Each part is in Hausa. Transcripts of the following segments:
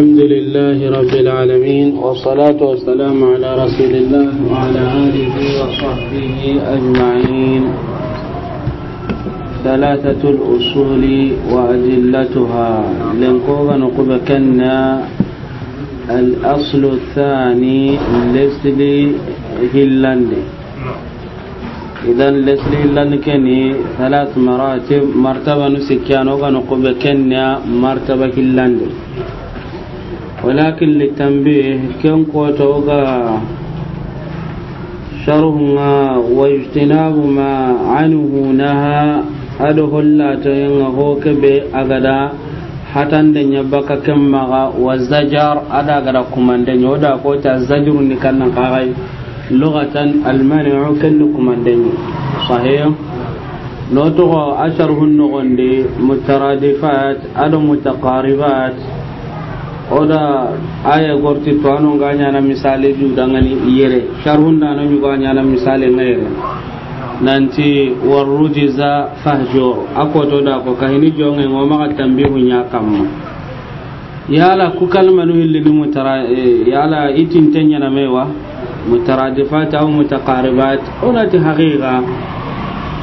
الحمد لله رب العالمين والصلاة والسلام على رسول الله وعلى آله وصحبه أجمعين ثلاثة الأصول وأدلتها لنقوغ نقوب كنا الأصل الثاني لسلي هيلاندي إذا لسلي هيلاندي كني ثلاث مراتب مرتبة نسكيانوغا نقوب كنا مرتبة هيلاندي walakin litanbih ken kotoga sharhunga wa ijtinabu ma anhu naha ado hollato yenga hokebe agada hatande nyabaka kemmaga wa zajar ada agada kumande nyoda ko ta zajru ni kanna qaray lughatan almani'u kanna kumande sahih noto asharhun nugonde mutaradifat ado mutaqaribat oda aya gorti to anon ga nyana misale ju dangani yere sharhun da nan yugo nyana misale ngayere nanti warujiza fahjur ako to da ko kahini jonge ngoma ka tambihu nya kamma yala ku kalma nu hilli ni mutara e, yala itin tanya na mewa mutaradifat aw mutaqaribat ona ti haqiqa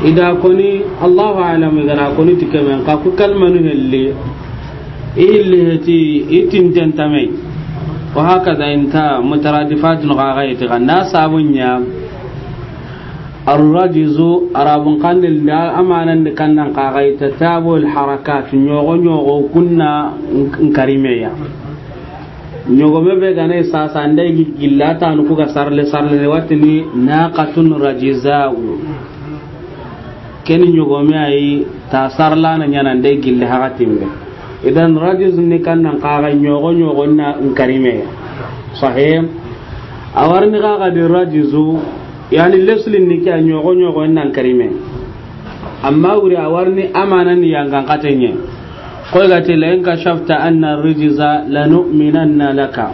ida koni allah a'lam igana koni tikemen ka ku kalma nu hilli illihti itinten tamai wa hakaza inta mutaradifat no gagaiti ganna sabunya arrajizu arabun kandil da amanan da kannan kagaita tabul harakat nyogo nyogo kunna nkarimeya ñogome be gane gillata gillatanu kuga sarle sarle watini naqatun rajizau keni ñogome ayi ta sarlana ñanande haka hakatimbe idan rajizm ni kan nan kaga nyogo nyogo na in karime sahih awarni kaga de rajizu yani leslin ni kan nyogo nyogo na karime amma wuri ni amana ni yangan katenye ga te la in shafta anna rijiza lanu'minanna laka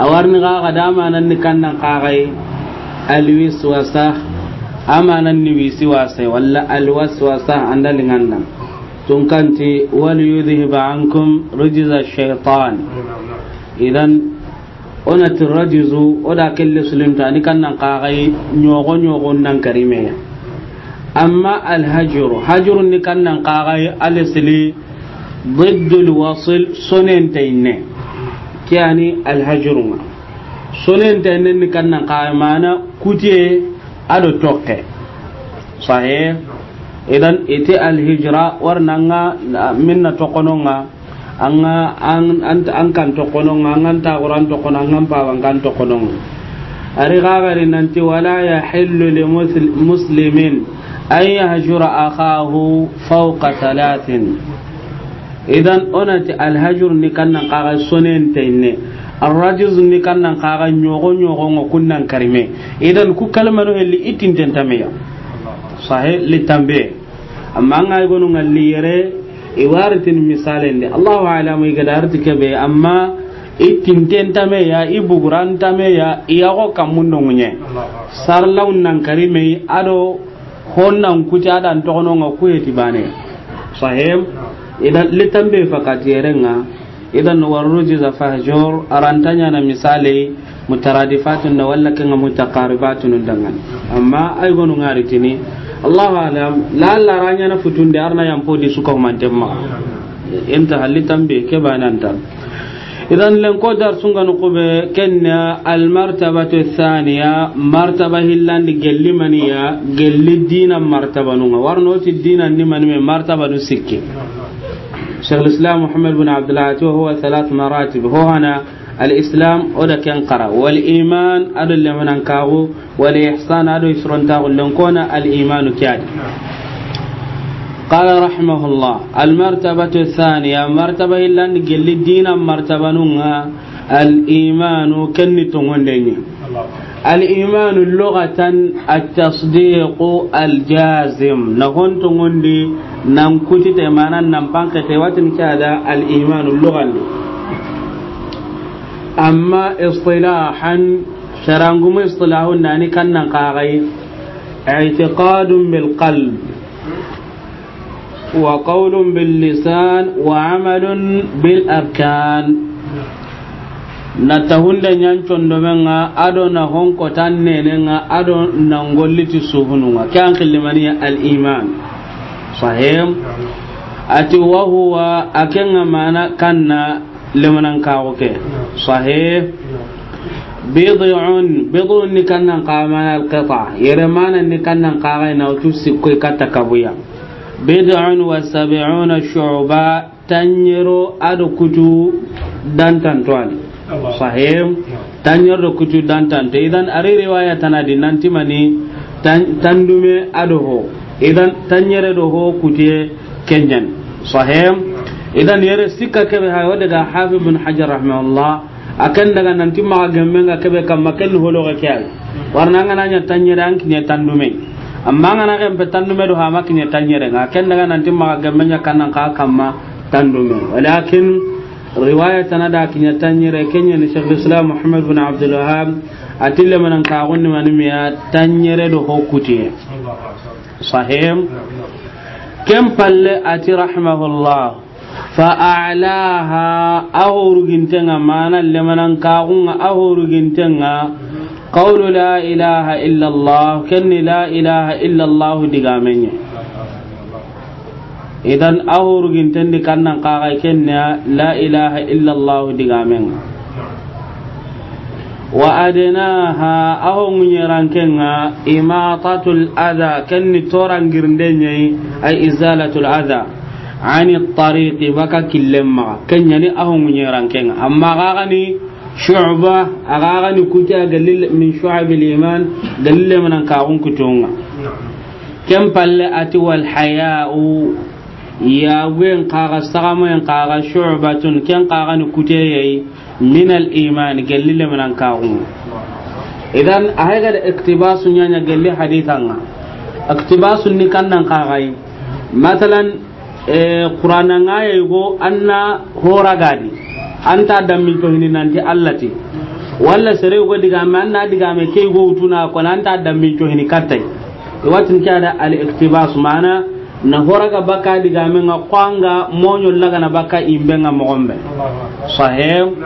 awarni kaga dama nan ni kan nan kagai alwiswasa amana ni wisi wasai walla alwaswasa andalingan nan ba an kun rijiza shaitan idan ona o rajizu oda kelle ta ni kannan kaxay ñoxo ñoxon nan ya amma alhajiru hajiru ni kannan kaxay alesili ضد inne سنين تينه كياني ma سنين inne ni kannan kaxay mana kutiye ado toke sahih idan ite alhijra nga minna tokononga anga an an kan tokononga an ta quran tokononga an pawan kan tokononga ari gagari nanti wala hillu li muslimin an yahjura akahu fawqa thalathin idan onati alhajr ni kannan kaga sonen tayne arrajiz ni kannan kaga nyogo nyogo ngo kunnan karime idan ku kalmaru li itin tentamiya sahe tambe amma nga gonu ngalli yere iwaritin misalen da allahu alamu igada arti kebe amma itinten mai ya ibuguran mai ya iyago kammun sar sarlaun nan karime ado honnan kuti adan togono nga ti bane sahem idan bai fakati nga idan warruji za fahjur arantanya na misale mutaradifatun da wallakin mutaqaribatun dangan amma ay gonu ngaritini allahu alam la la ranya na futun da arna yam podi suka manten ma inta halitan be ke bananta idan len ko dar sunga no kube kenna al martabatu thaniya martaba hillan di gelli maniya gelli dina martaba nunga warno ti dina ni me martaba nu الإسلام أو كان قرأ والإيمان أدو اللي من كاغو والإحسان أدو يسرون تاغو لنكون الإيمان كاد قال رحمه الله المرتبة الثانية مرتبة إلا نقل الدين مرتبة نونها الإيمان كنتم وندني الإيمان لغة التصديق الجازم نكون تغندي نمكتت إيمانا نمبانك تواتن كذا الإيمان اللغة اللي. amma istilahan sharangum istilahun kan kannan kagai i'tiqadun bil qalb wa qawlun bil lisan wa amalun bil arkan nyan chondo menga ado na honko tan nenenga ado na ngolliti suhununga kyan kilimani al iman sahim ati huwa akenga mana kanna lemanan kawo ke sahih bid'un bid'un ni kannan qama al qita yere manan ni kannan qaga na tu sikko kata kabuya bid'un wa sab'una shu'ba tanyiro adu kutu dan tantwani sahim tanyiro kutu dan tante idan ari riwaya tanadi nanti mani tandume adu ho idan tanyere do ho kutie kenyan sahim idan yere sika kebe ha wada da hafiz bin hajar rahimahullah akan daga nan timma gamme ga kebe kam makan holo ga kai warna ngana nya tanye dan kinya tandume amma ngana kan pe tandume do ha makinya tanye ga kan daga nan timma gamme nya kanan ka kamma tandume walakin riwaya tana da kinya tanye re kenya ni shaykhul islam muhammad bin abdul wahhab atilla manan ka gonni manimi ya tanye re do hokutiye sahim kem palle ati rahimahullah فأعلاها أهورجنتنا معنا لمن كاغونا أهورجنتنا قول لا إله إلا الله كن لا إله إلا الله دقامني إذن أهورجنتني كان قاغي كن لا إله إلا الله دقامني وأدناها أهم يرانكنا إماطة الأذى كن توران أي إزالة الأذى ani tariqi waka killem ni aho munye rankenga amma ni shu'ba ni kuta galil min shu'ab al-iman galil ka gun kutunga kem palle ati wal haya'u ya wen kaga sagama en kaga shu'batun ken kaga ni yayi min al-iman galil ka gun idan ahega da iktibasu nya galil hadithanga iktibasu ni kannan kagai matalan Eh, qur'anan aya go anna hora gadi anta dammi to hinin nanti allati walla sare go diga me anna diga me kay go utuna ko anta dammi to hinin kattai watin da al iktibas mana na hora ga baka diga me nga kwanga monyo laga na baka imbe nga mogombe sahem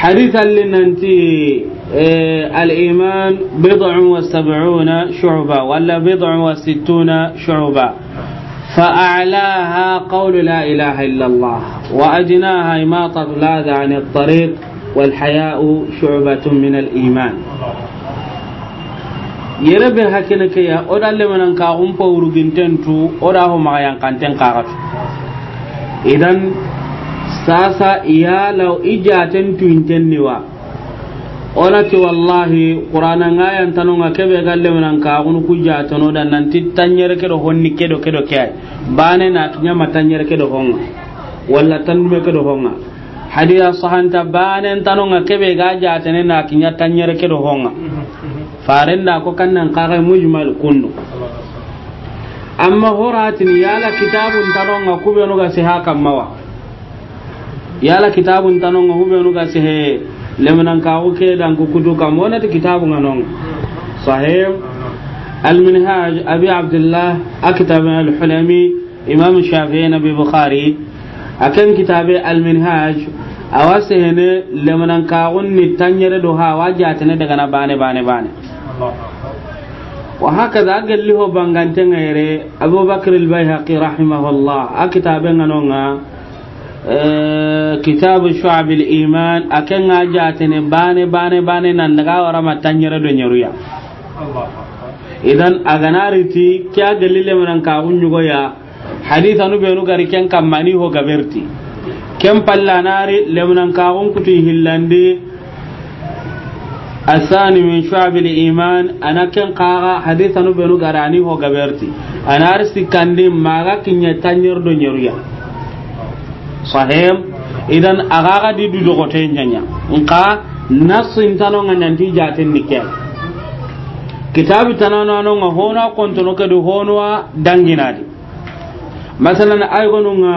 hadithan lin nanti eh, al iman bid'un wa sab'una shu'ba walla bid'un wa sittuna shu'ba فأعلاها قول لا إله إلا الله وأدناها إماطة الأذى عن الطريق والحياء شعبة من الإيمان yere be hakene ke ya oda le manan ka um pawru gintentu oda ho ma idan sasa iya law ijaten tu onati wallahi qur'ana ngayan tanonga kebe galle nan ka kunu kujja tano dan nan ti tanyere kedo honni kedo kedo kay bane na nyama tanyere kedo hon walla tanme kedo hon hadiya sahanta bane tanonga kebe gaja tane na kinya tanyere kedo hon farenda ko kannan ka kai mujmal kunu amma horatin yala kitabun tanonga kubenu ga sihaka mawa yala kitabun tanonga kubenu ga sihaka ka kawu ke dan ku kutu kam wona ta kitabu nganon sahih المنهاج أبي عبد الله أكتب الحلمي إمام الشافعي نبي بخاري أكن كتاب المنهاج lemnan ka kagun ni tanyere do ha ne daga na bane bane bane wa hakaza agalli ho bangante ngayre abubakar bayhaqi rahimahullah a kitabe nganonga kitabu shu'ab al-iman akan ajatene bane bane bane nan daga wara matanyere do nyaruya idan aganariti kya galile manan ka gunyugo ya haditha nu be nu gari ken kamani ho gaberti ken pallanari lemnan ka gun kutu hillandi asani min shu'ab al-iman ana ken qaga haditha nu be nu garani ho gaberti anar sikandi maga kinya tanyer do nyaruya sahib idan agaga di du dogote nyanya nka nasin tano nganyan ti jatin dike kitabu tano nano nga hona kontono ke du honwa danginadi masalan ay gonu nga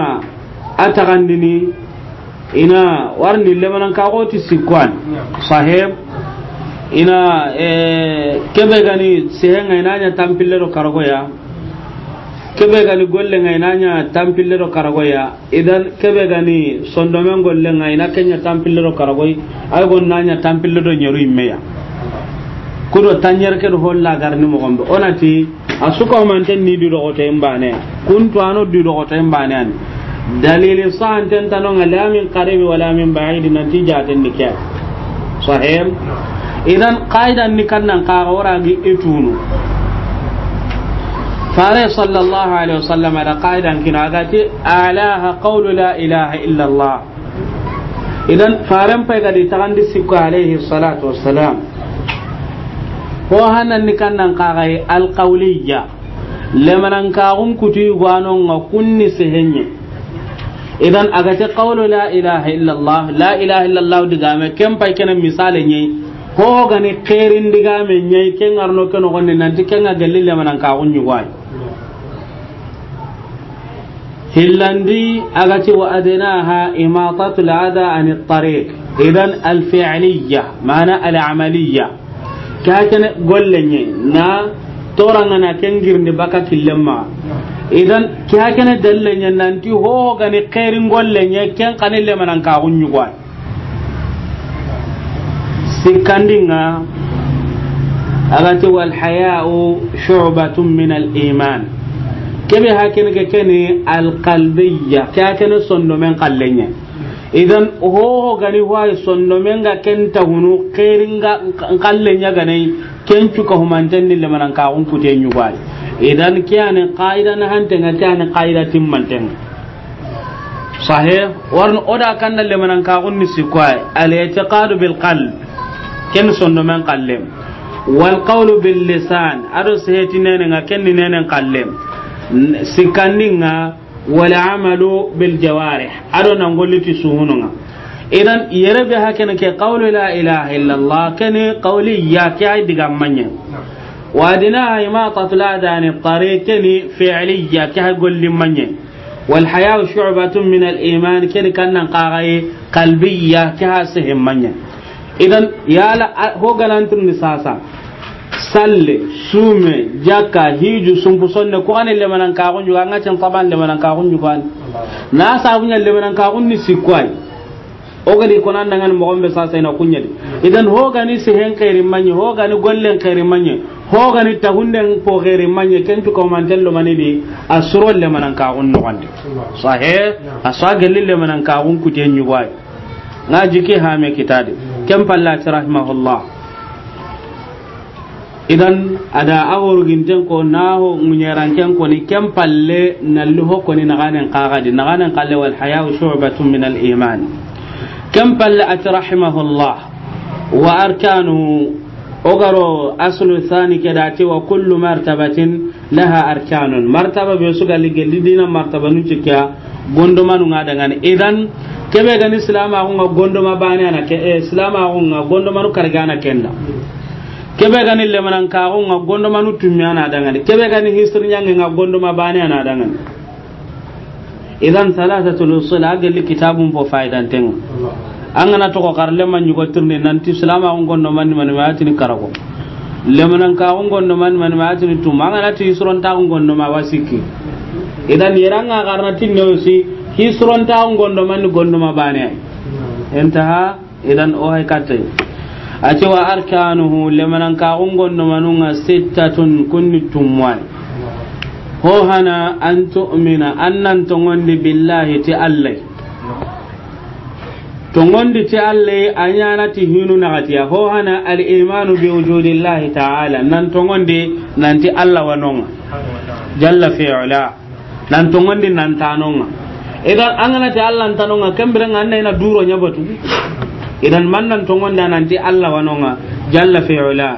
atagandini ina warni lemanan ka goti sikwan sahib ina eh, kebe gani sehenga inanya tampille do kargoya kebe gani golle ngai nanya tampille do karagoya idan kebe gani sondomen golle ngai na kenya tampille do karagoy ay gon nanya tampille do nyeru imeya kudo tanyer ke do holla garni mo gombe onati asuka man tan ni do ko te bane kun to ano do ko tem bane an dalili san tan tanon on ala min qaribi wala min ba'id natija tan nikya sahem idan qaidan ni kannan qara waragi itunu fare sallallahu alaihi wasallam da qaidan kina agati alaha qawlu ilaha illa idan faren pai ga ditakan di sikku alaihi salatu wassalam ko hanan ni kannan qagai alqawliya lemanan kagun kutu gwanon ga kunni sehenye idan agati qawlu ilaha illa la ilaha diga me kem pai kenan misalen yayi ko gani qerin diga me yayi ken arno ken onni nanti ken hillandi a gace wa adina ha imatatu la'ada a nittarik idan alfi'aliyya ma'ana al'amaliyya ka ta gollanye na tora na na baka killen ma idan ka ta na na ti ho gani kairin gollanye ken kanin lemanan kawun yi gwa sikandin a a min al'iman iman kebe haken ke kene alqalbiyya ka kene sondo men qallenya idan ho gani wa sondo men ga kenta hunu qeringa qallenya gane kencu ka humanten ni lemanan ka on kute nyubai idan kiyane qaida na hante ga kiyane qaida timmanten sahih warno oda kanna lemanan ka on ni sikwai al i'tiqadu bil qalb ken sondo men qallem wal qawlu bil lisan ado sehetinene ga kenni nenen qallem sikanninga wala amalu bil jawarih ado nan golliti suhununga idan yere be hakene ke qawlu la ilaha illa allah kene qawli ya ke ay diga manya wadina ima tatla dani tariqani fi'liya ke ha golli manya wal haya shu'batun min al iman kene kannan qaray qalbiya ke ha manya idan yala ho galantun salle sume jakka hiju sumpu sonne ko ane manan ka gonju ga cen taban manan ka gonju kan na le manan ka gonni sikwai o gali ko nan nan mo gombe sa sai na kunya idan ho gani se hen kairi manye ho gani gollen kairi manye ho gani hunden po kairi manye ken to ko man tello manini asro manan ka gonno gande sahe le manan ka gon kuten nyuwai na jike ha me kitade kem pallati rahimahullah idan ada ginten ko naho ko ni ken palle nalli ho koni naganen kagadi naganen kalle walhayau shubatun min iman ken palle ati rahimahullah wa arkanu ogaro aslu thani kedati wa kullu martabatin laha arkanun martaba be sugali gelli dina martaba nu cikya manu ngada dangani idan kebe gani silamaxunga gondoma bane ana ke eh, gondo manu kargana kenna kebe gani lemanan kaago nga gondo manu tummi ana dangani kebe gani history nyange nga gondo ma bani ana dangani idan kitabun fo faidan to ko kar salama gondo man man ma karago gondo man man ma ti ta gondo ma wasiki idan garna hisron ta gondo man gondo ma bani idan o hay atewa arkanuhu lemanankaxungonnomanunga sittatun kunni tummoay ho hana an tumina an nan togondi billahi ti allay togondi ti allay a ñanati hinu naxatiya ho hana alimanu biwujudillahi taala nan togondi nanti allah wanonga jalla fiula nan togondi nantanonga edan anganati allah ntanonga kembirenga an nayina duro ñabatu idan mannan to nan nanti allah wanonga jalla fi'ala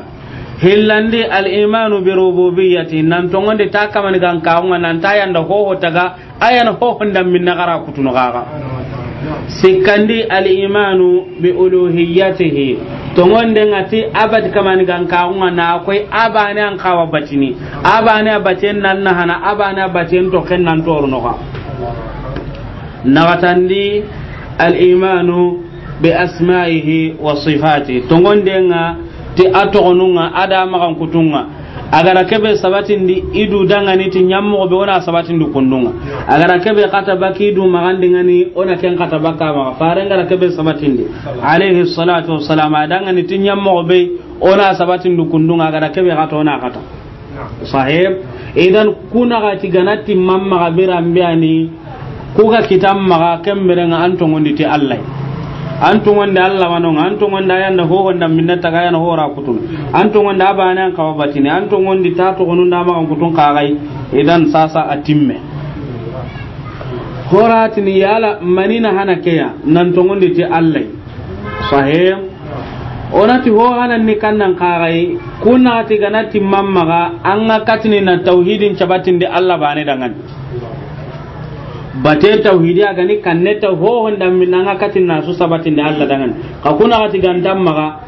hillandi al imanu bi rububiyyati nan to wanda ta kama ni gan kaunga nan ta yanda ho ho taga ayan ho honda min na nagara kutuno gaga sikandi al imanu bi uluhiyyatihi to wanda ngati abad kama ni gan kaunga na koy abane an kawa bacini abane abacen nan na hana abane abacen to ken to torno ga nagatandi al imanu bi asma'ihi wa sifati tongondenga ti atogonunga ada magan kutunga agara kebe sabatindi idu dangani ti nyammo be ona sabatindi kundunga agara kebe kata baki du magandingani ona ken kata baka ma fare ngara kebe sabatindi alayhi salatu wassalam adangani ti nyammo be ona sabatindi kundunga agara kebe kata ona kata sahib idan kuna ti ganati mamma gabira mbiani kuga kitam maga kemberenga antongondi ti allah antu wanda Allah wano antu wanda yanda hoho wanda minna taga yana ho ra kutun antu wanda abana an kawa batini antu wanda ta to gonun da ma kutun kagai idan sasa atimme horatini yala manina hana keya nan to wanda ti Allah sahih onati ho hanan ni kannan kagai kunati ganati ga an ga katini na tauhidin cabatin di Allah bane dangan bate tauhidi aga ni kanne ta ho honda minanga katin na su sabatin da Allah dangan ka kuna gati gandan maga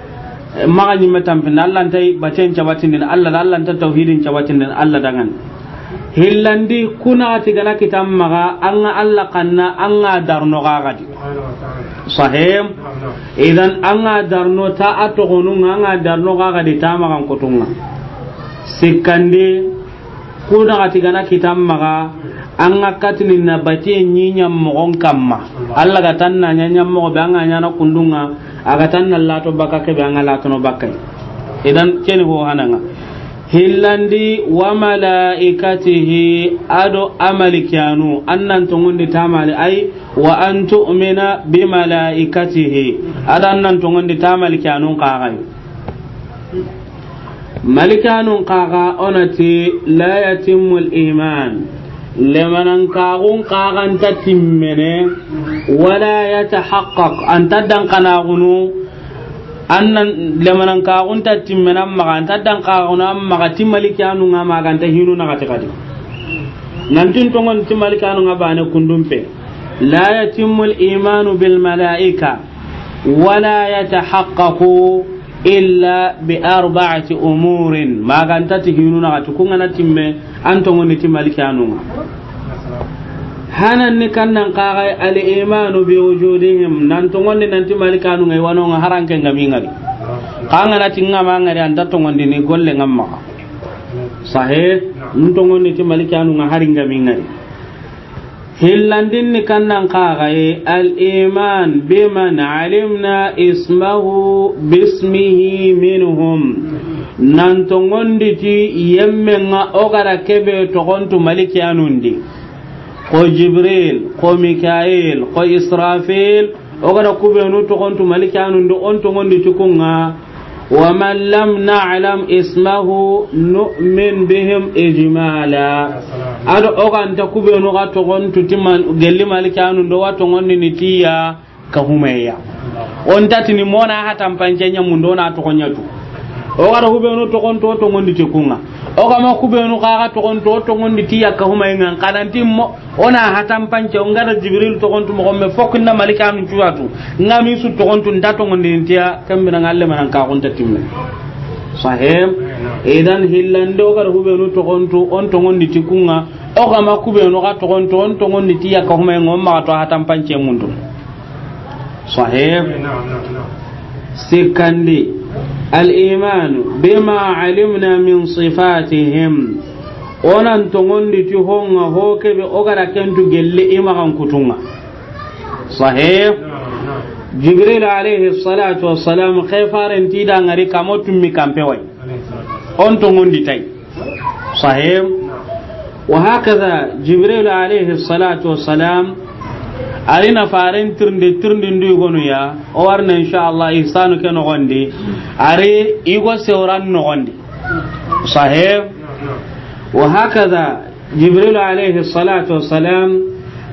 eh, maga nyimme tampin Allah tai bate cabatin din Allah Allah ta tauhidin cabatin din Allah dangan hillandi kuna gati gana kitam maga anga Allah kanna anga darno gadi sahim idan anga darno ta atogonunga anga darno gadi ta magan kotunga sikandi kuna da gati gana kitam maga an ga katini na bati nyi nyam mogon kamma alla ga tan na nya nyam mogo ba nya na kundunga aga tan na lato baka ke ba nga lato no baka idan kene ho hananga hillandi wa malaikatihi ado amali kyanu annan tungundi tamali ai wa an tu'mina bi malaikatihi adan nan tungundi tamali kyanu kagai malikanun kaga onati la yatimmu al-iman lemanan kagun kagan ta timmene wala ya ta haƙaƙ an ta dankana gunu annan lemanan kagun ta timmene an maka an ta dankana gunu an maka ti malikanu nga maka ta hinu na kati kadi nan tun tungon ti malikanu nga bane kundun pe la yatimmul imanu bil mala'ika wala ya ta haƙaƙu illa bi arba'ati umurin magan tati hinu na ati kunga na timme antongo ni timali kanu hanan ni kannan qaga al imanu bi wujudihim nan tongo ni nan timali kanu ngai wano nga haranke ngami ngari kanga na tinga ma ngari anda tongo ni ni golle ngamma sahe ntongo ni timali kanu nga haringa mingari ngari hillandin ni kannan kagaye al'iman biman alimna ismahu bismihi minhum nan tongonditi yemmen ga ogara kebe togontu malikiyanundi ko jibril ko mikail ko israfil ogara kubenu togontu malikiyanundi on tongonditi kunga ومن لم نعلم اسمه نؤمن بهم إجمالا أدو أغان تكوبي نغا تغن تتما جل مالك أنو دوا تغن نتيا كهمية on tati ni mona hata mpanjenya mundona to konyatu o gara hubenu togonto togondi ti kunga o gama kubenu kaga togonto togondi ti yakka humayngan kananti mo ona hatan panke o ngara jibril togontu mogonme fokkinna malika nu cuwatu ngami su togontu nta togondinitiya kembinanga allemanan kagunta timme sahim idan hillande o gara hubenu togontu on togondi ti kunga o gama kubenu ga togonto on togondi ti yakka humaynga on magato hatan panke mundu sahim sikkandi الإيمان بما علمنا من صفاتهم onan tongondi ti honga ho kebe ogara kentu gelle imakan kutunga sahih jibril alayhi salatu wassalam khefaren ti da ngari kamo tummi kampe way on tongondi tay sahih wa hakaza jibril alayhi salatu arina faren tirndi tirndi ndu gonu ya o warna insha Allah ihsanu ke nogondi are igo sewran nogondi sahib wa hakaza jibril alayhi salatu wassalam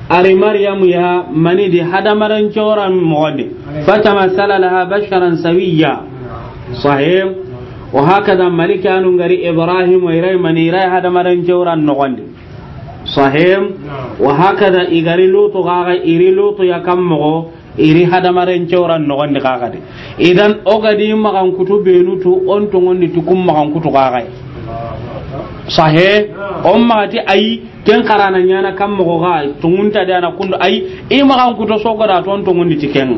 ari maryam ya Mani manidi hadamaran coran mogondi fatamathala laha basharan sawiya sahib wa hakaza malika anu ngari ibrahim wa irai mani irai hadamaran coran nogondi sahim wa hakada igari lutu gaga iri lutu ya kammogo iri hadamaren cewran idan ogadi magan kutu benutu on tukum magan kutu sahe on ayi ken karana nyana ga tungunta kundu i magan kutu sogoda tiken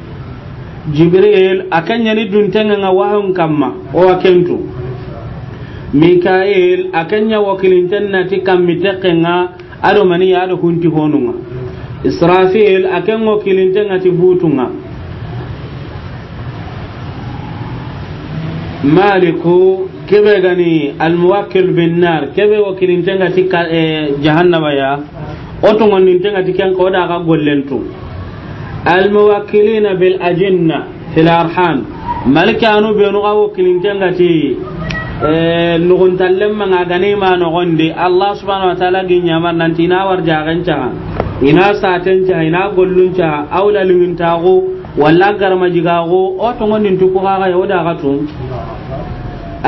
jibril akanya yani duntenga nga wahun kamma o akentu mikael ya wakilin na ti kammite kenga ado mani ya ado kunti honunga israfil aken wakilin tanna ti butunga maliku kebe gani almuwakil bin nar kebe wakilin tanna ti jahannama ya otungoninten nga ti kenga eh, oda ka gollentu الموكلين بالأجنة في الأرحام ملك أنو بينغا وكلين كنغتي نغن تلم من أغني ما نغندي الله سبحانه وتعالى جن يمر ننتنا ورجاغن چها إنا ساتن چها إنا قلن چها أولا لمن تاغو ولا غرم جغاغو أو ننتوكو غاغا يودا غتون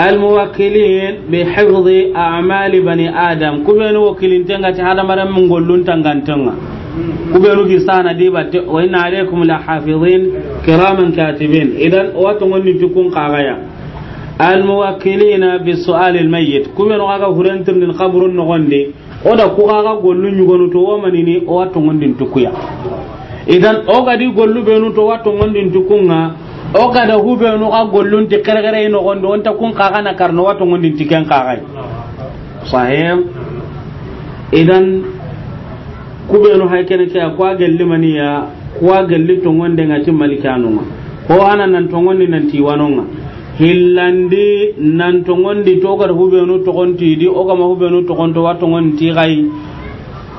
الموكلين بحفظ أعمال بني آدم كبين وكلين تنغتي هذا مرم من قلن تنغن تنغن kuɓenu ki sana di batte wa inna alaykum la hafizin kiraman katibin idan watu ngonni tukun kagaya almuwakkilina bisu'ali almayyit kuɓenu kaga hurentirnin kaburun nogondi oda ku kaga gollu ñugonu to womanini o watu ngondi tukuya idan o gadi gollu benu to watu ngondi tukunga o gada huɓenu ka gollunti kerekere nogondi onta kun na karno watu ngondi tiken kagay sahim idan ku kubenu haikene ke kwa gelli maniya kwa gelli tongonde ngati malikanunga ko ana nan tongondi nan ti tiwanonga hillandi nan tongondi to gar hubenu tokonti di o ma hu kama hubenu tokonto wa tongondi gai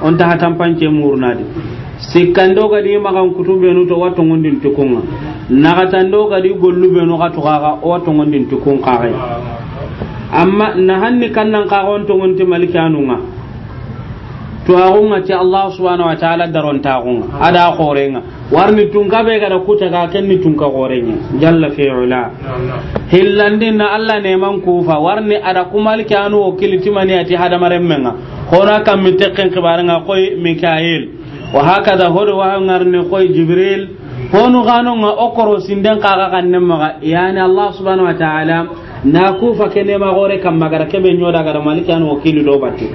on ta hatan panche murnadi sikkando gadi makan kutubenu to wa tongondin tukunga nakatando gadi ga to tukaga o wa tongondin tukun kagai amma na hanni kannan kagon tongonti ma tuwaxunga ti allah subhanau wa taala darontaxunga ada xoorenga warni tunka ɓe gada kutaga kenni tunka xoorenga jalla fiula na allah neman kufa warni ada kumalke anu wo kilitimani ati hadamarenmenga hona kammi teqen xibarenga koy mikail wa hakada hodo waxangarni koy jibril honu xanonga o korosinden ka xan ne maxa yani allah subhanau wa taala na kufa ke nema xoore magara kebe nyoda ñodagada malike anu kili do batti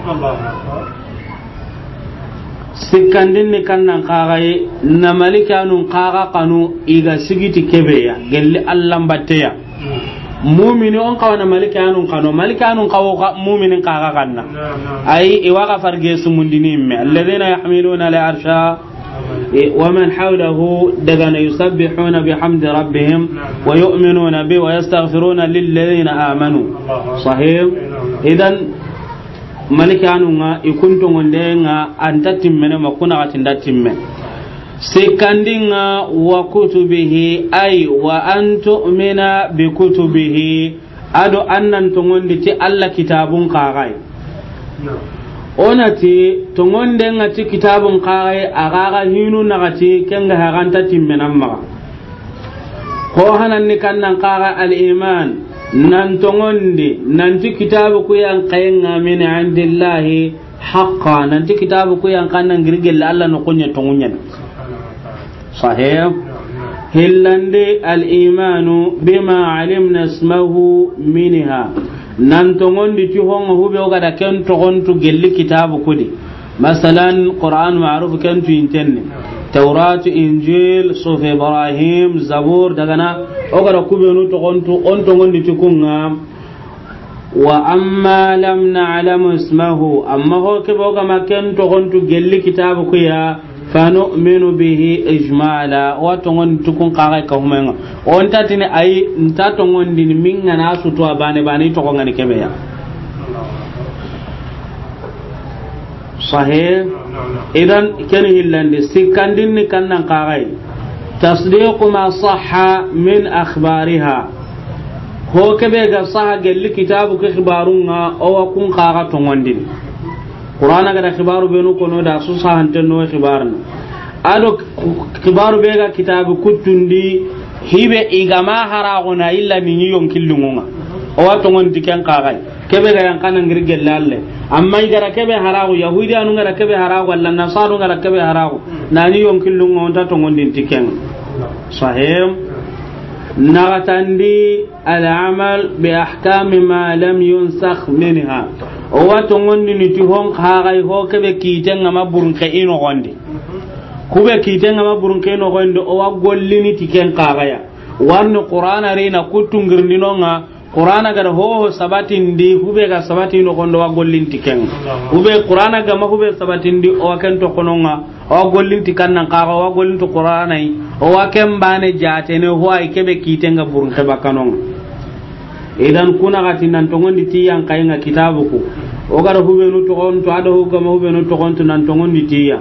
sikkandin ni nan kagaye na malika nun kaga kanu iga sigiti kebe kebeya gelli allan ya mumini hmm. on kawana malika nun kano malika nun kawo ka muminin kaga kanna ay iwa ka farge su mundini me hmm. alladheena yahmiluna al arsha ومن حوله دغن يسبحون بحمد ربهم ويؤمنون به ويستغفرون للذين آمنوا صحيح إذا manikanu nga ikuntongo nde nga anta timmene makuna ati nda timme sikkandi nga wa kutubihi ay wa antumina bi kutubihi ado annan tongondi ti allah kitabun kaxay onati tongonde nga ti kitabun kaxay axaxa hinu naxati kenga haxanta timmenan maxa ko hananni kannan kaxa al iman nan tongondi nanti kitabu ku yang qayenga min indillahi haqqa nanti kitabu ku yang nan girgel Allah no kunya tongunya sahih hillande al-imanu bima alimna ismahu minha nan tongondi ti honga hube o gada ken to gelli kitabu kudi masalan qur'an ma'ruf kentu intenne tauratu injil sufi ibrahim zabur daga na ogara kubenu togontu on togondi ti kunga wa amma lam ismahu amma ho ke boga maken gelli kitabu kuya fanu'minu bihi ijmala wa togondi ti kun kaga ka humenga nta ni minga na abane idan ken hillandi sikkandin ni kannan kaxay tasdiqu ma saha min akhbariha ho kebe ga saha gelli kitabu ke xibarunga owa kun kaxa tongondini qur'ana gada xibaru benu kono da su sahantenno xibarna ado xibaru be ga kitabu kuttundi hibe igama haraxona illa mini yonkillungunga owa tongondi ken kaxay kebe ga yan kana ngir gelalle amma igara kebe harago yahudi anu ngara kebe harago alla nasaru ngara kebe harago nani yon lungo ngonta to ngondin tiken sahim nagatandi al'amal bi ahkami ma lam yunsakh minha o wato ngondi ni ti hon khagai ho kebe kiten ngama burun ke ino gondi kube kiten ngama burun ke ino gondi o wa gollini tiken kagaya warni qur'ana rina nga. qur'ana ga ho sabatin di hube ga sabatin no gondo wa gollin tiken hube qur'ana ga ma hube sabatin di o ken to kononga o gollin tikan nan qara wa gollin to qur'ana yi o wa ken bane jate ne ho ay kebe kiten ga burun ke bakanon idan kuna ga tinan to ngondi ti yang kai nga kitabu ko o ga hube no to on to ado ga ma hube no to on to nan to ngondi ti ya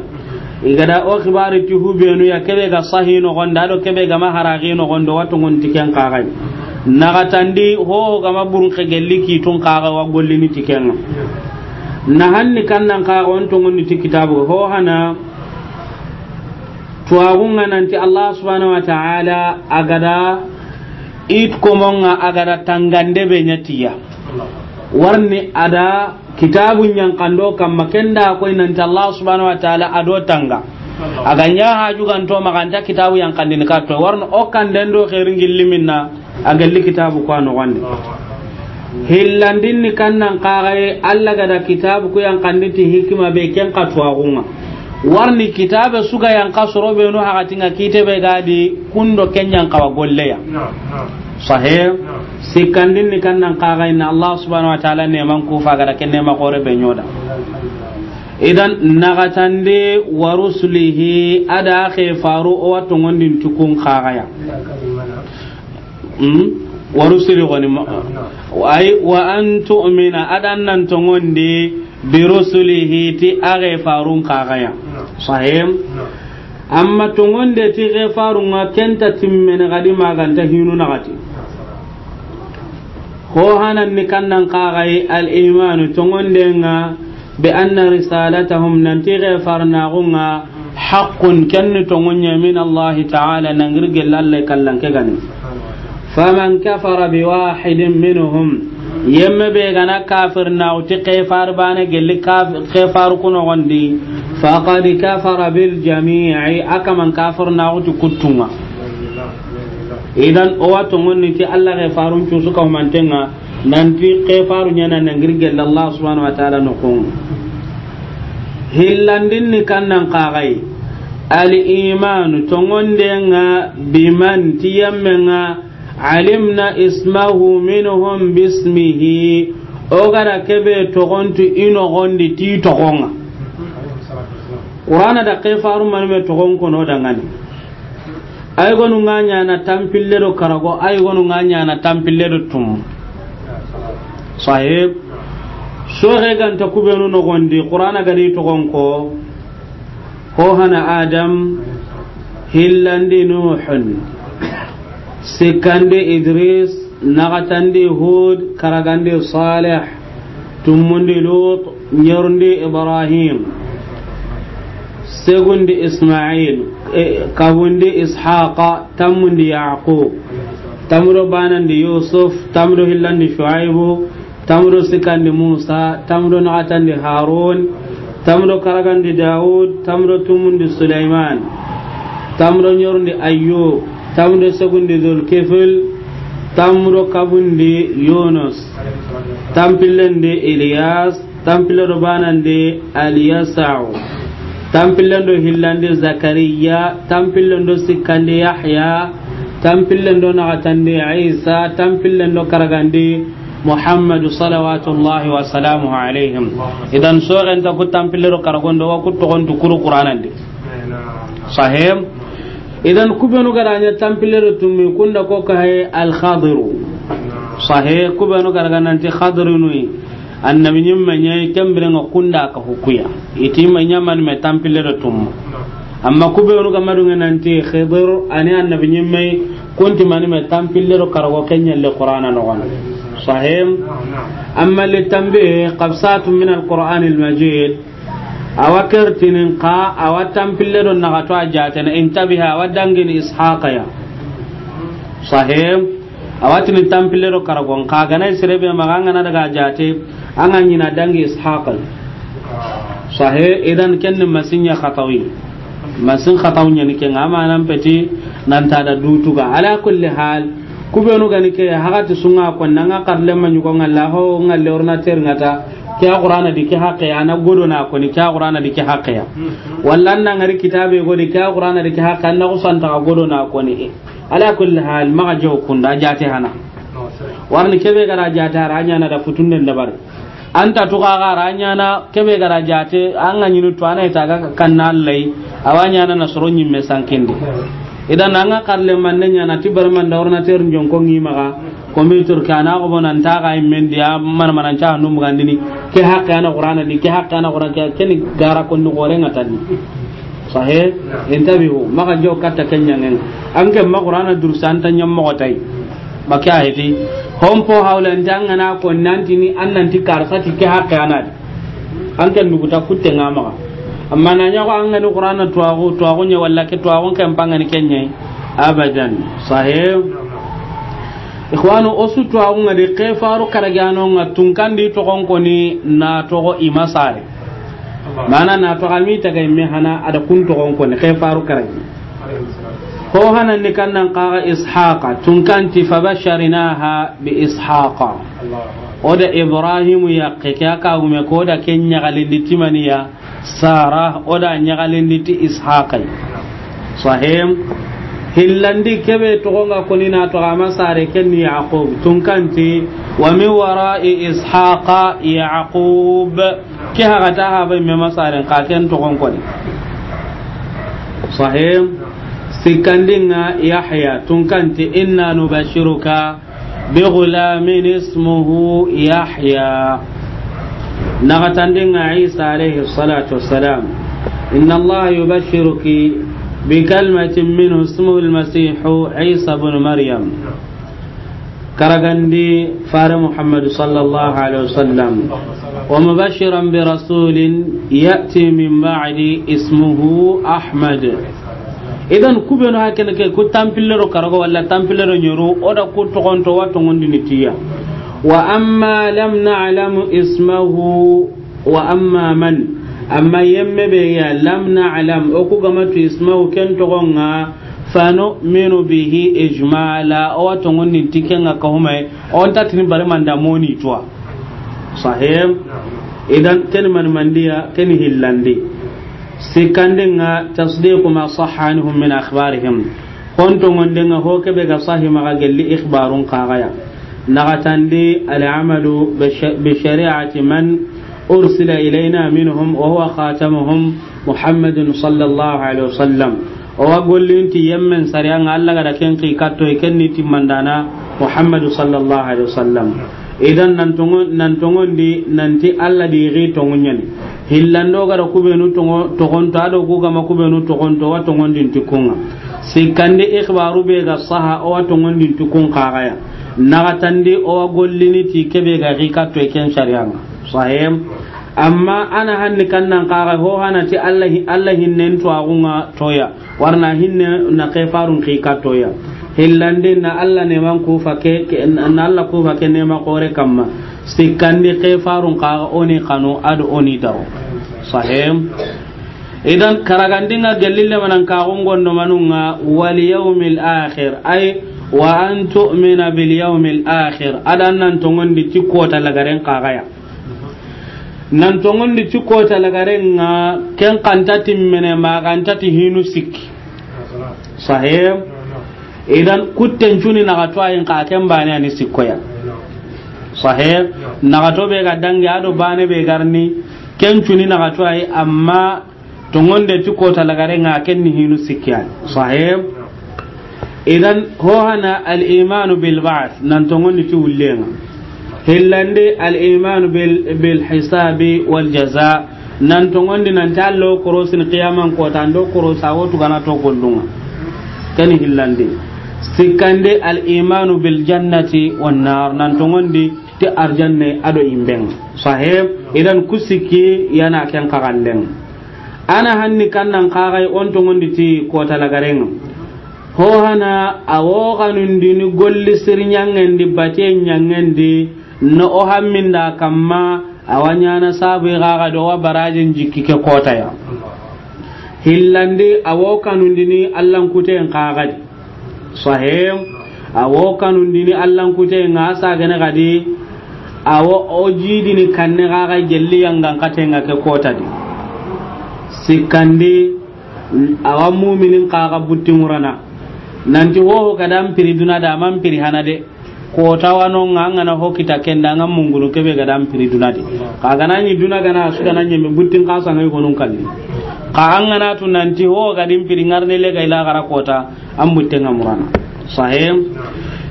igada o khibari ti hube no ya kebe ga sahino no gonda kebe ga ma haragi no gondo to ngondi ken qara nagatandi hohogama burunke gelli kitun kaga wa gollini ti kenga nahanni kannan kaga on ni ti kitabu ho hana tuwagunga nanti allah subhanahu wa ta'ala agada it komonga agada tangande be nyatiya warni ada kitabun yankando kamma kenda koy nanti allah subhanahu wa ta'ala ado tanga aganya hajugan to maganta kitabu yankandini ka to warno o kanden do khairin gilliminna agalli kitabu ko anogonde oh. hillandinni kannan kaxaye allah gada kitabu ku yankanditi hikima be ken ka twaxunga warni kitabe suga yanka soroɓenu haxatinga be gadi kundo ken yankawa golleya sahe sikkandinni kannan na allah subhanahu wa taala neman kufa gada ke nema be nyoda. idan nagatande warusulihi ada xe faru owa togondin tukun xaxaya Hmm? warusiri goni ay wa an tu'mina adan nan to ngondi bi rusulihi ti age farun kagaya sahim amma to ngonde ti ke farun ma kenta timmene gadi maganta hinu nagati ko hanan ni kannan kagai al iman to ngonde nga bi anna risalatahum nan ti na farna gunga hmm. haqqun kenni to ngonya min allah ta'ala nangirge lalle kallan ke gani faman kafara bi wahidin minhum yemme be gana kafir na uti kefar bana gelli kefar kuno gondi faqad kafara bil jami'i akaman kafir na uti kuttuma idan o wato ngonni ti Allah kefarun cusu ka mantenga nanti kefaru nyana nangir gelli Allah subhanahu wa ta'ala no kun hillandin ni kannan al iman tongonde nga biman tiyamma nga alimna ismahu minhum bismihi o gana kebe togontu inogondi ti togonga qur'ana da kai faru manme togon kono dangane ay gonu nganya na tampille do karago ay gonu nganya na tampille do tum sahib so he ganta kubenu no gondi qur'ana gani togon ko ho adam hillandi sikkande idris nagatandi hud karagandi salih tumundi lut nyerundi ibrahim segundi ismail e, kabundi ishaqa tammundi yaqub tamro banandi yusuf tamro hillandi shuaibu tamro sikandi musa tamro nagatandi harun tamro karagandi daud tamro tumundi sulaiman tamro nyorundi ayyub tawndo segundi zul kifl tamro kabundi yunus tampillendi elias tampilledo banandi alyasau tampillendo hillandi zakariya tampillendo sikkandi yahya tampillendo nagatandi isa tampillendo karagandi muhammadu salawatullahi wasalamuhu alayhim idan sogenta ku tampillero karagondo wa ku togontu kuru qur'anandi sahim idan kubenu garanya tampilero tumi kunda ko kahe al khadiru sahe kubenu garaga nanti khadiru nui annabi nyim manye kambire nga kunda ka hukuya iti manya man me tampilero tum amma kubenu ga madunga nanti khadiru ani annabi nyim mai kunti mani me tampilero karago kenya le qur'ana no wana sahim amma litambi qabsatun min al qur'an al majid awa kertinin ka awa tampille don na gato na intabiha awa dangini ishaqa ya sahim awa tinin tampille do karagon ka gana sirebe maganga na daga ajate an an yina dangi ishaqa sahe idan kenni masin ya khatawi masin khatawi ne ke ngama nan peti nan ta da dutu ga ala kulli hal kubenu ne ke hagati sunga ko nan ga karle manyu ko ngalla ho ngalle orna ngata kya qur'ana di ki haqqe na godo na ko ni kya qur'ana di ke haqqe ya wallan nan ari kitabe godi kya qur'ana di ki haqqe anna usan ta godo na ko ni e. ala kulli hal ma jaw kunda jate hana oh, warni kebe gara jata ranya na da futun den dabar anta to ga ranya na kebe gara jate an ganyin to ana ta ga kan nan lai awanya na nasrun yin me sankindi idan nga karle man ne nya na ti bar man dawr na ter njon ko ngi ma ga ko maga computer kana ko bonan ta ga men dia man man cha no mu gandini ke hakka na qur'ana di ke hakka na qur'ana ke ni gara ko no gore ngata ni sahe intabihu maka jo katta kenya ngen anke ma qur'ana dur santa nyam mo tay ba hom po hompo hawlan jangana ko nanti ni an annan ti karsati ke hakka na anke nuguta kutte ngama amma na nyago an ngani qur'ana tuwago tuwago nya walla ke tuwago kan pangani kenye abadan sahih ikhwanu osu tuwago ngadi ke faru karagano ngatun di to ko ni na togo imasare mana na to ami taga me hana ada kun to gonko ni ke karagi ko hana ni nan qara ishaqa tun ti fabasharinaha bi ishaqa oda ibrahim ya qika ka hume ko da kenya galidi timaniya sara oda ñagalindi ti ishaqai sahim hillandi na togonga konina toxama sare ni yaqub tun kanti wa min warai ishaqa yaqub ke haxata haɓay mema saren ka ken ko ni sahim sikandinga yahya tun kanti inna nubashiruka ghulamin ismuhu yahya نغتندن عيسى عليه الصلاة والسلام إن الله يبشرك بكلمة منه اسمه المسيح عيسى بن مريم كرغندي فار محمد صلى الله عليه وسلم ومبشرا برسول يأتي من بعد اسمه أحمد إذا كبن هكذا كنت تنفلر كرغو ولا تنفلر نيرو أو كنت تغنطوا تغنطوا وأما لم نعلم اسمه وأما من أما يم بيا لم نعلم أكو جمت اسمه كن تغنى فنؤمن به إجمالا أو تغنى تكنا كهما أو تتني برمان دموني توا صحيح إذا كن من منديا كن هلاندي سكندنا تصديق ما صح عنهم من أخبارهم كنتم عندنا هو كبير صحيح ما قال لي إخبار قاغيا نغتندي العمل بشريعة من أرسل إلينا منهم وهو خاتمهم محمد صلى الله عليه وسلم وأقول لي أنت يمن سريان الله قد كنقي كتو يكني تمندانا محمد صلى الله عليه وسلم idan nan tongon di nanti alla di ri tongon nyani hillando gara kubenu tongo togon to ado ku gama kubenu togon to wa tongon din tikunga sikande ikhbaru be ga saha o wa tongon din tikun nagatandi owa gollini ti kebe ga xi kattoy ken sarianga sahem amma ana hanni kannan qara ho ti allah hinnen agunga toya warna hinne na ke farun ka toya hillande na allah neman kufa ke na allah fake ne ma kore kamma sikkandi ke farun kaxa oni kanu ad oni daro sahem idan karagandinga gellille manan wal yawmil akhir ay wa an tu'mina bil yawmil akhir adan nan to ngondi ci kota lagaren kagaya nan to ngondi ci kota lagaren nga ken kanta timmene ma kanta ti hinu sik sahib idan kutten juni na gato ayin ka ken bani ani sikoya sahib na gato be ga dangi ado bani be garni ken juni na gatwa amma to ngonde ci kota lagaren nga ken ni hinu sikya sahib idan hohana al'imanu bil ba'ath nan to ngoni ti ullenga hillande al'imanu bil bil hisabi wal jaza nan to ngondi nan tallo korosin qiyamang ko tando korosa wotu gana to gollunga kani hillande sikande al'imanu bil jannati wan nar nan to ngondi ti arjanne ado imbeng sahib idan kusiki yana kan kagalleng ana hanni kannan kagai on to ngondi ti kota lagarenga hohana a woganundini golli sir ñangendi bate ñangendi no o hamminda kamma awa ñana sabui xaxa do wa baradien jikki ke kotaya hillandi a wokanundini allahnkuten xaxadi sahe a wokanundini allahnkuten a sagene xadi awo o jidini kanne xaxa gelliyangan xatenga ke kotadi sikkandi awa muminin xaxa butti ŋurana nanti wo kadan piri duna da man piri hana de ko tawano ngana ho hokita kenda ngam mungulu kebe kada piri duna de ka gana ni duna gana su gana nyi mi buttin ka sanga ko non kalli ka ngana tu nanti ho kadin piri ngarne le ga ila gara kota am ngamurana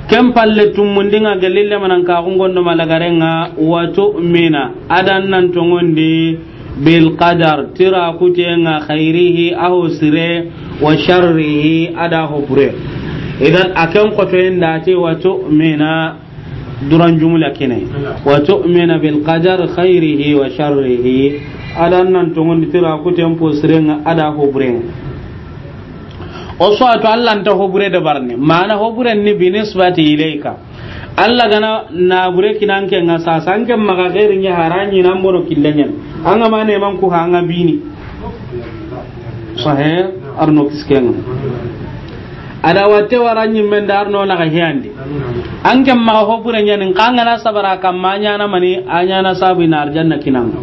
kem palle manan ka gondo malagarenga wa tu'mina adan nan tongondi bilkadar tira kutenga khairihi aho sire wa sharrihi ada hopure idan akan kwato yin da ce wa tu'mina duran jumla kine wa tu'mina bilkadar khairihi wa sharrihi ada nan tungun tira kutenga po sire nga ada hopure o so ato allan ta hopure da barne ma'ana hopure ni binisbati ilaika alla gana na bure kinan ke nga sa san ke maga gairi ya haranyi nan bono killenyen an ga ma man ku nga bini sahe arno kisken ada wate waranyi men da arno na ga hiyandi an ke maga ho bure nyen kan na sabara kan ma nya na mani anya na sabu na arjanna kinan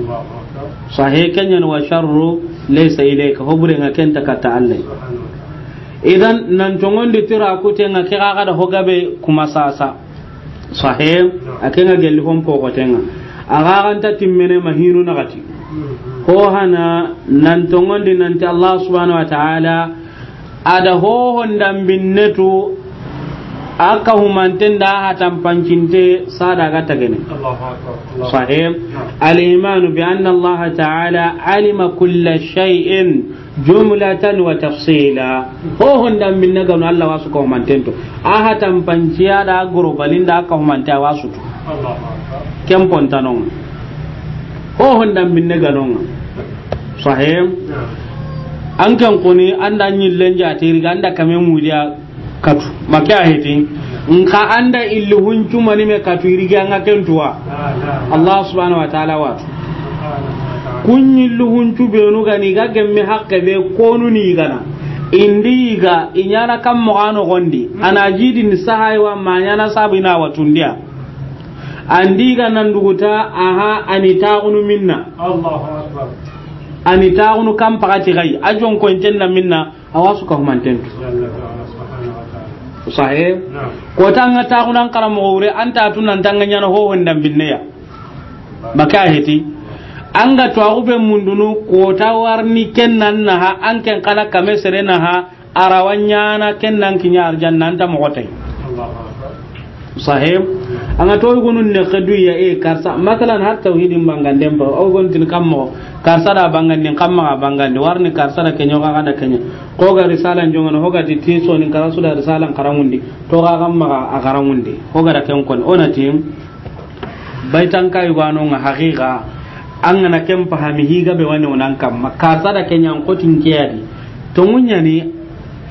sahe kenyen wa sharru laysa ilayka ho bure nga kenta ka ta allai idan nan tongon ditira tira ku te nga kira ga da hogabe kuma sasa sahih akenga gelli hon kan ta timmene mahinu gati mm, mm. ho hana nan ta allah subhanahu wa ta'ala ada hohon binnetu aka humanten da hatan pancinte sada ga tagene sahih al iman bi anna allah ta'ala alima kulla shay'in jumlatan wa tafsila ho honda min naga no Allah wasu ko mantento a hatan panciya da guru balinda aka mantaya wasu to kem pontanon ho honda min naga non sahim an kan kuni an dan yin lanja ta riga an da kame mudiya katu maka hete in ka anda illuhun illuhun cumani me katu riga an kentuwa ah, ah. Allah subhanahu wa ta'ala wa kunyillu huncu benu gani ga gemme hakke be konu ni gana indi ga inyana kam mo ano gondi ana jidi ni sahay wa manyana sabu ina watundia andi ga nan duguta aha ani unu minna Allahu akbar ani unu kam pagati gai ajon ko jenna minna awasu ka humantentu sahe ko tanga ta kunan karamo wure anta tunan tanga nyana ho wondan binne ya maka anga twaxuɓe mundunu kota warni kennan nan ha an ken kala kame sere naha na ñana ken nan ta arjanna anta moxotay sahib anga to gonu ne khadu ya e karsa makalan har tauhidin banganden ba o gon tin kammo karsa da banganden kamma banganden warni karsa da kenyo ga da kenyo ko ga risalan jongon ho ga ti tiso ni karasu da risalan karamundi to ga kamma a karamundi ho ga da kenkon kon onati baitan kai gwanon haqiqa an gana ken fahami higa be wani wani unan kamma ka sada kenya kotin kiyadi to munya ni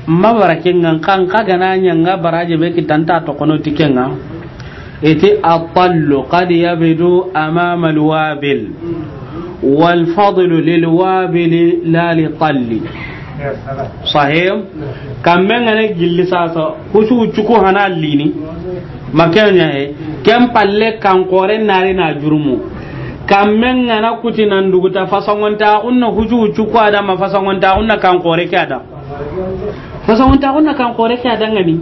mabarakin ngan kan ka gana nyanga baraje be kitanta to kono tikenga iti at-tallu qad yabidu amama al-wabil wal fadlu lil wabil la li talli sahim kambe ngane gilli sasa kusu cuku hana lini makanya he kem palle kan kore nari na jurumu kammen na kuti nan duguta fasongonta unna huju huju ko ada ma fasongonta unna kan kore ke ada fasongonta unna kan kore ke ada ngani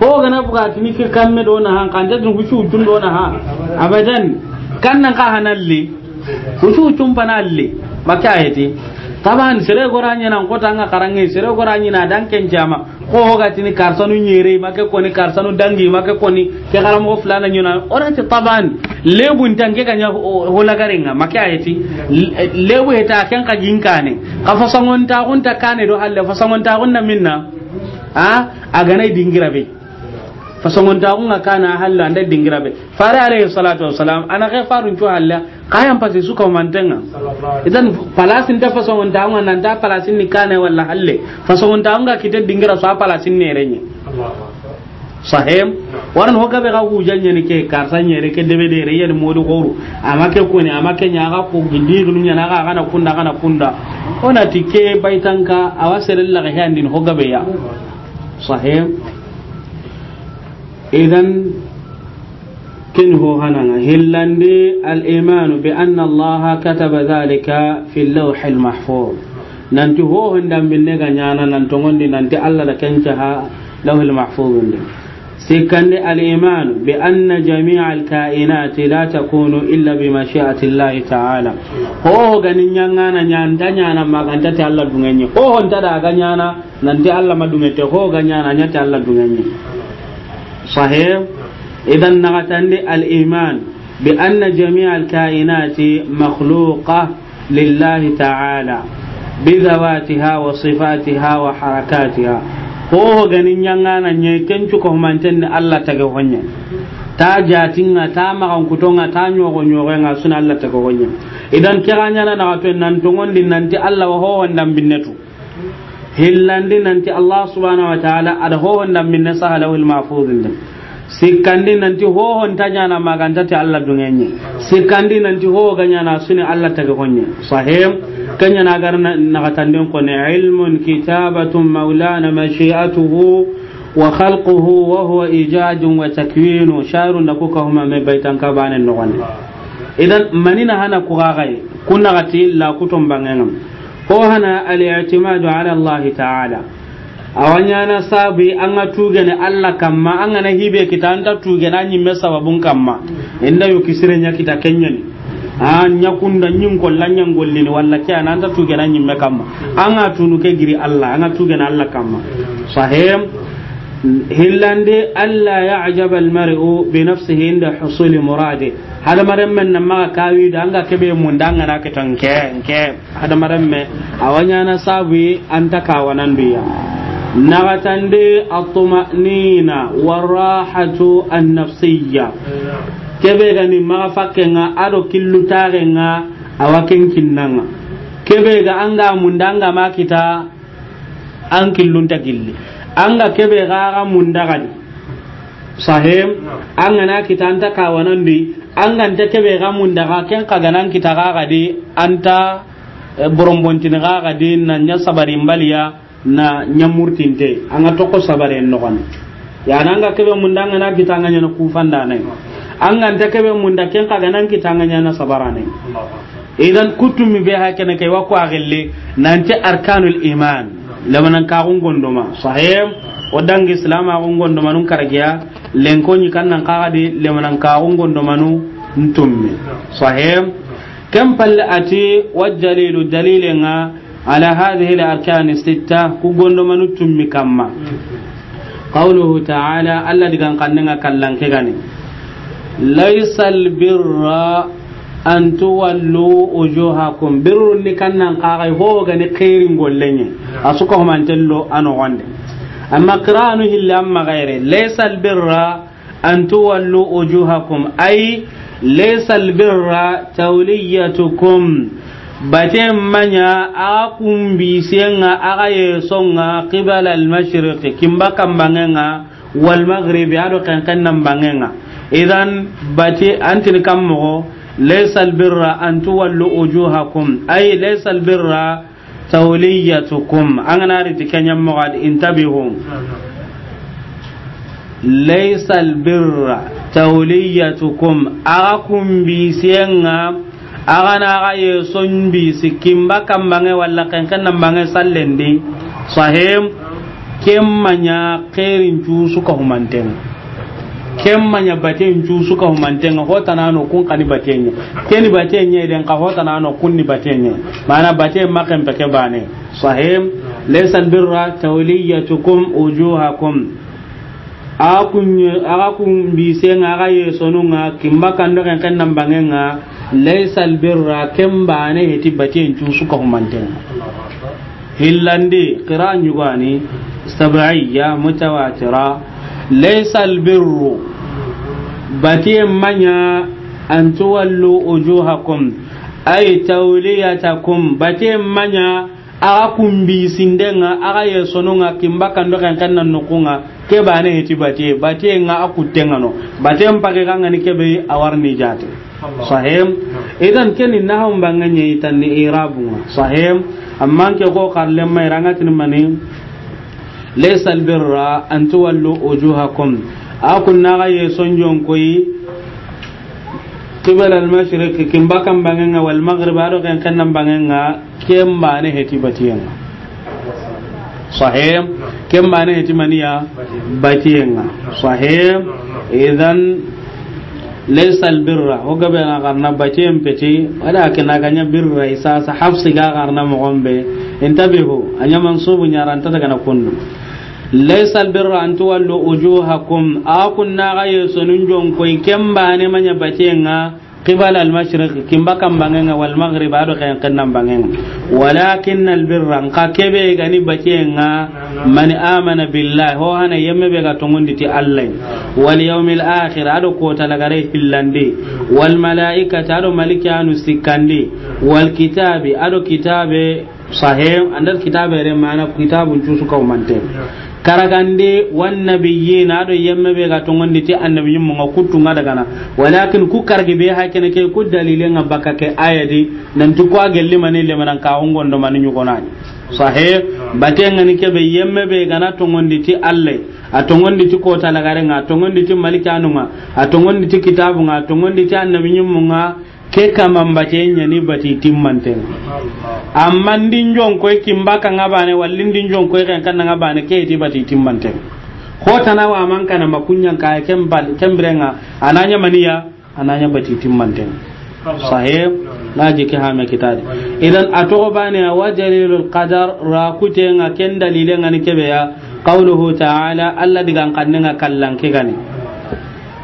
ko na buga tini ke kamme do na han kanja dun huju huju do na ha abadan kan nan ka hanalle huju huju banalle maka ayati taban sere goranya nan kota nga karange sere goranya na dan ken jama ko hoga tini karsanu nyere make ko ni karsanu dangi make ko ni ke garam ko fulana nyuna ti taban lebu ntange kanya hola garenga make ayeti lebu eta ken ka jinkane ka fasangon ta hunta kane do halle fasangon ta hunna minna a agana dingira be fasongontaxunga kana halla anda dingiraɓe fara alayhi salatu wassalam ana xe faruncu halla kayan pasi su kaumantenga itan palasinta fasongontaxunga palasin ni kana walla halle fasongontaxunga kite dingira so ne renye sahem waran hoga be ga janye ne ke sanye re ke debe de reyan modu goru amake ke kuni amake nya ga ko gindi nya na ga kana kunda kana kunda ona tike baitanka awasere la ga handin hoga be ya sahem idan kin ho hananga hillande al-imanu bi anna Allah kataba zalika fi al-lawh al-mahfuz nanti ho hondam binne ga nyana nan to ngondi nanti Allah da kanca ha lawh al-mahfuz ndi sikande al-iman bi anna jami' al-kainat la takunu illa bi mashi'ati Allah ta'ala ho ganin nyangana nyanda nyana maganta ta Allah dungenye ho honta da ga nyana nanti Allah madungete ho ga nyana nyata Allah dungenye صحيح إذا نغتند الإيمان بأن جميع الكائنات مخلوقة لله تعالى بذواتها وصفاتها وحركاتها هو ganin yangana nye ken cuko manten Allah tage honya ta jatinga ta makan kutonga ta nyogo nyogo nga suna Allah tage honya idan kiranya na na wato nan tongon din nan ti Allah ho wandan binnetu hillandi nanti allah subhanahu wa ta'ala ada hohon dan minna sahalawil mahfuzin din sikandi nanti hohon ta nyana magantati allah dungenye sikandi nanti hoho ganya na suni allah ta gonye sahim kanya na gar na gatanden ko ne ilmun kitabatum maulana mashi'atuhu wa khalquhu wa huwa ijadun wa takwinu sharun da kuka huma mai baitan ka banen no idan manina hana ku gagai kunna gati la kutum bangenam ko hana al-i'timadu ala Allah ta'ala awanyana sabi an ga ne Allah kamma an ga hibe kita an ta tuge na me sababun kamma inda yu kisire nya kita kenyen an nya kunda nyin ko lanyan ngolli ne walla kyan nan ta na nyi me kamma an ga tunu ke giri Allah an ga na Allah kamma sahem hillande alla ya al mar'u bi nafsihi inda husul muradi hada maran men nan maka kawi da anga kebe mun da anga naka tanke nke hada maran me awanya na sabi an taka wanan biya nagatande at-tuma'nina war an-nafsiyya kebe gani maka fakkenga ado killutarenga awaken kinnanga kebe ga anga mun da anga makita an ta gilli anga kebe gaga mundagani sahem anga na kita anta kawanan di anga anta kebe gaga mundaga ken kaganan kita gaga di anta eh, borombontini gaga di na nya sabari mbaliya na nya murtinte anga toko sabari nogani yana anga kebe mundanga na kita anga nya kufanda nai anga anta kebe munda ken kaganan kita anga nya na sabarane idan kutum be hakene kai wako agille nanti arkanul iman lamanan ka gondoma sahih wadangi islama gondoma nun karagiya lenkonyi kannan kaadi lamanan ka gondoma nu ntumme sahih kam pal ati wajjalilu dalilenga ala hadhihi al-arkan sitta ku gondoma nu tummi kamma qawluhu ta'ala alladhi kan kannga kallan kegani laysal birra an tuwallu wujuhakum birrulli kannan qaray ho gani khairin gollenye asuka mantello ano wande amma qiranu hilla amma ghayre laysa albirra an tuwallu ujuhakum ay laysa albirra tawliyatukum baten manya a kumbisenga aga yesonga qibala almashriqi kimba kambangenga walmaghribi ado kankan mbangenga idan bate antin kammo laysa albirra an tuwallu wujuhakum ay laysa albirra tawliyatukum an na riti kenyan mugad intabihu laysa albirra tawliyatukum akum bi sienga agana ga yeson bi sikimba kambange walla kankan nambange sallendi sahim kemmanya kerin cu suka humantenga kemma nya baten ju suka humanten ho tanano kun kani baten nya keni baten nya den ka ho tanano kun ni baten nya mana baten makan bane sahim birra tawliyatukum ujuhakum akun akun bi sen aga kan kan nambangenga laysa birra kembane heti suka hillandi yugani sab'iyya mutawatira laysa albirru batiye manya an tuwallu wujuhakum ay tawliyatakum batiye manya aga kumbi sindenga aga yesononga kimba kando kan kanna nukunga ke bane heti batiye batiye nga akutenga no batiye mpake kanga ni kebe awarni jate sahim idan kenin nahum banganye itan ni irabunga sahim amma ke ko karle mai rangatin mani laysa albirra an tuwallu wujuhakum a kunna ga ye sonjon koyi qibal al mashriq kim bakam bangenga wal maghrib ado kan kan nan bangenga kem bane heti batiyenga sahih kem bane heti maniya batiyenga sahih idan leisa al birra ho gabe na garna batiyen peti wala kana ganya birra isa sa hafsi ga garna mo gombe intabihu anya mansubu nyaranta daga na kundu Laisal albirra an tuwallu wujuhakum akunna gaye sunun jon koy kembane manya batenga qibal almashriq kimba kam bangenga wal maghrib ado kayan kannan bangenga walakin albirra ka kebe gani batenga man amana billahi ho hana yemme be ga tongondi ti allah wal yawmil akhir ado ko talagare hillande wal malaikata ado malikanu sikandi wal kitabi ado kitabe sahih andal kitabe re mana kitabun cusu kawmante karagande wan na do yemma be ga tongondi ti annabiyin mo kuttu daga na walakin ku karge be ha kene ke ku dalile baka ke ayadi nan tu ko agelle mani le manan ka hongondo mani nyugonani sahih batenga ngani ke be yemma be ga na tongondi ti alle a tongondi ti kota lagare nga tongon ti malikanu nga a tongondi ti kitabu nga tongon ti annabiyin mo ga ke kaman bace ni bati timmanten amma ndin jon koy kimba ka abane walli ndin jon koy kan kan abane ke ti bati timmanten ko tana wa man kana makunyan ka ken bal ken ananya maniya ananya bati timmanten sahib naji ke me kitadi idan atogo bane wa jalilul qadar rakute nga ken dalile ngani kebe ya qawluhu ta'ala alla kan kannga kallan ke gani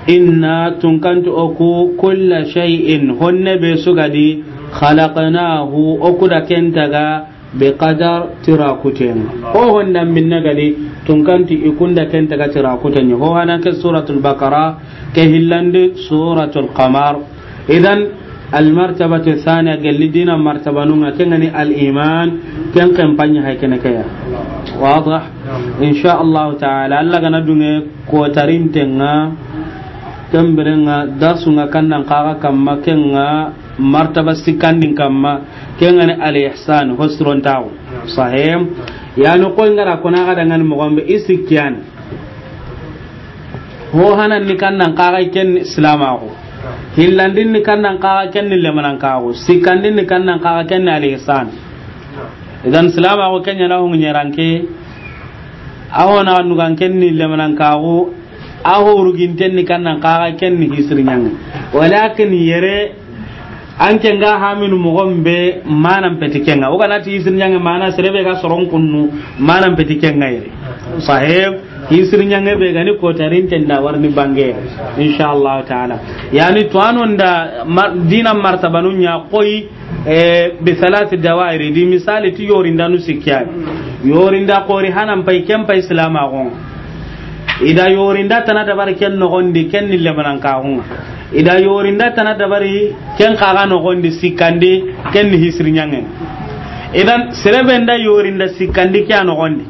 inna tunkantu oku kulla shay'in honne be sugadi khalaqnahu oku da kentaga be qadar tirakuten ko honna minna gadi tunkanti ikunda kentaga tirakuten ho hana ke suratul baqara ke hillande suratul qamar idan martaba الثانية قال لدينا martaba نونا كنني الإيمان كن كمبانيا هاي كنكيا واضح إن شاء الله allah الله قنا دونه كوترين تنغا kembirenga darsunga kannan kaga kamma kenga martaba sikandin kamma kenga ne al ihsan hosron taw sahem yani ko ngara kona ga dangan mo gombe isikyan ho hanan ni kannan kaga ken islama ko hillandin ni kannan kaga ken ni lemanan kago sikandin ni kannan kaga ken al ihsan idan islama ko kenya na hungu nyeranke awona nugan ken ni lemanan kago a tenni kannan kaxa kenni hisiriñanga walakin yere anke nga haminu mogon be manan peti kenga wo ganati hisiriñange mana serebe ga soron kunnu manan peti kenga yere sahib hisiriñange be gani kotarinten da warni bange inshallah taala yani toanon da dina martabanuña koyi be salati dawairi di misali ti yorindanu sikkiyani yorinda kori hanan pay kem pay silama ida nda tana dabari ken nogondi ken ni lebanan kaxunga ida nda tana dabari ken kaxa nogondi sikkandi ken ni hisirñangen idan serebenda yorinda sikkandi ke a nogondi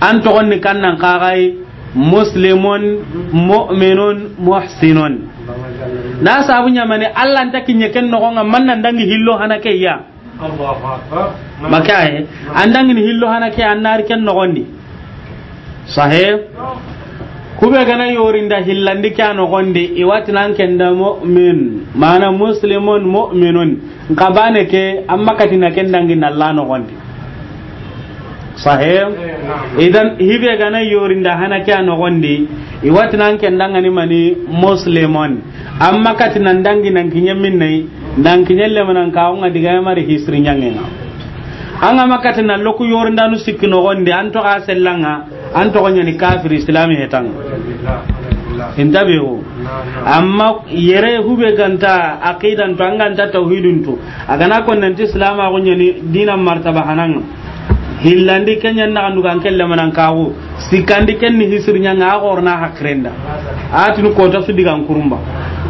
an togonni kan nan kaxay muslimun mu'minun muhsinun na sabu ñamani allah nta kiñe ken noxonga man nan dangi hillo hana ke ya makaye an dangini hillo hana ke an naari ken noxondi sahe kube gana da hillandi ke nan ken kenda mu'min mana muslimun mu'minun nka ke amma dangi na Allah no gonde sahe eh, idan hibe gana da hana nan ken danga ni mani muslimun amma katina ndangi nankinyemmin nai kinyalle manan kawunga mari history nyangena anga makata na loku yorindanu sikki nogondi an toxa sellanga an toxoñani kafir islami hetang intabeo amma yere hube ganta aqidan to anganta tauhidun to agana ko nanti islama ago nyani dina martaba hanang hillandi kenya na kandu kan kella manan kawo sikandi kenni hisirnya nga gorna hakrenda atin ko ta su digan kurumba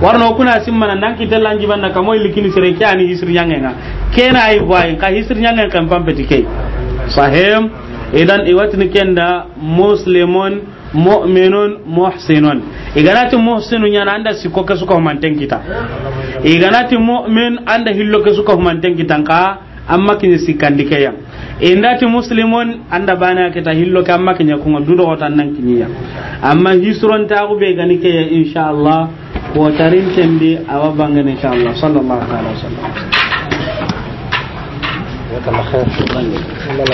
warno kuna simmana nan kitellanji banna kamoy likini sere kyani hisirnya nga kena ay boy ka hisir nyane kan pampe dike sahem idan iwatni kenda muslimun mu'minun muhsinun iganati muhsinun nyana anda siko ke suko humanten kita iganati mu'min anda hillo ke suko humanten kita ka amma kin sikandi ke ya indati muslimun anda bana kita hillo ke amma kin kunga dudo hotan nan kinye ya amma hisron ta ku be gani ke ya insha Allah ko tarin tembe awa bangane insha Allah sallallahu alaihi wasallam 我怎么喝？喝了。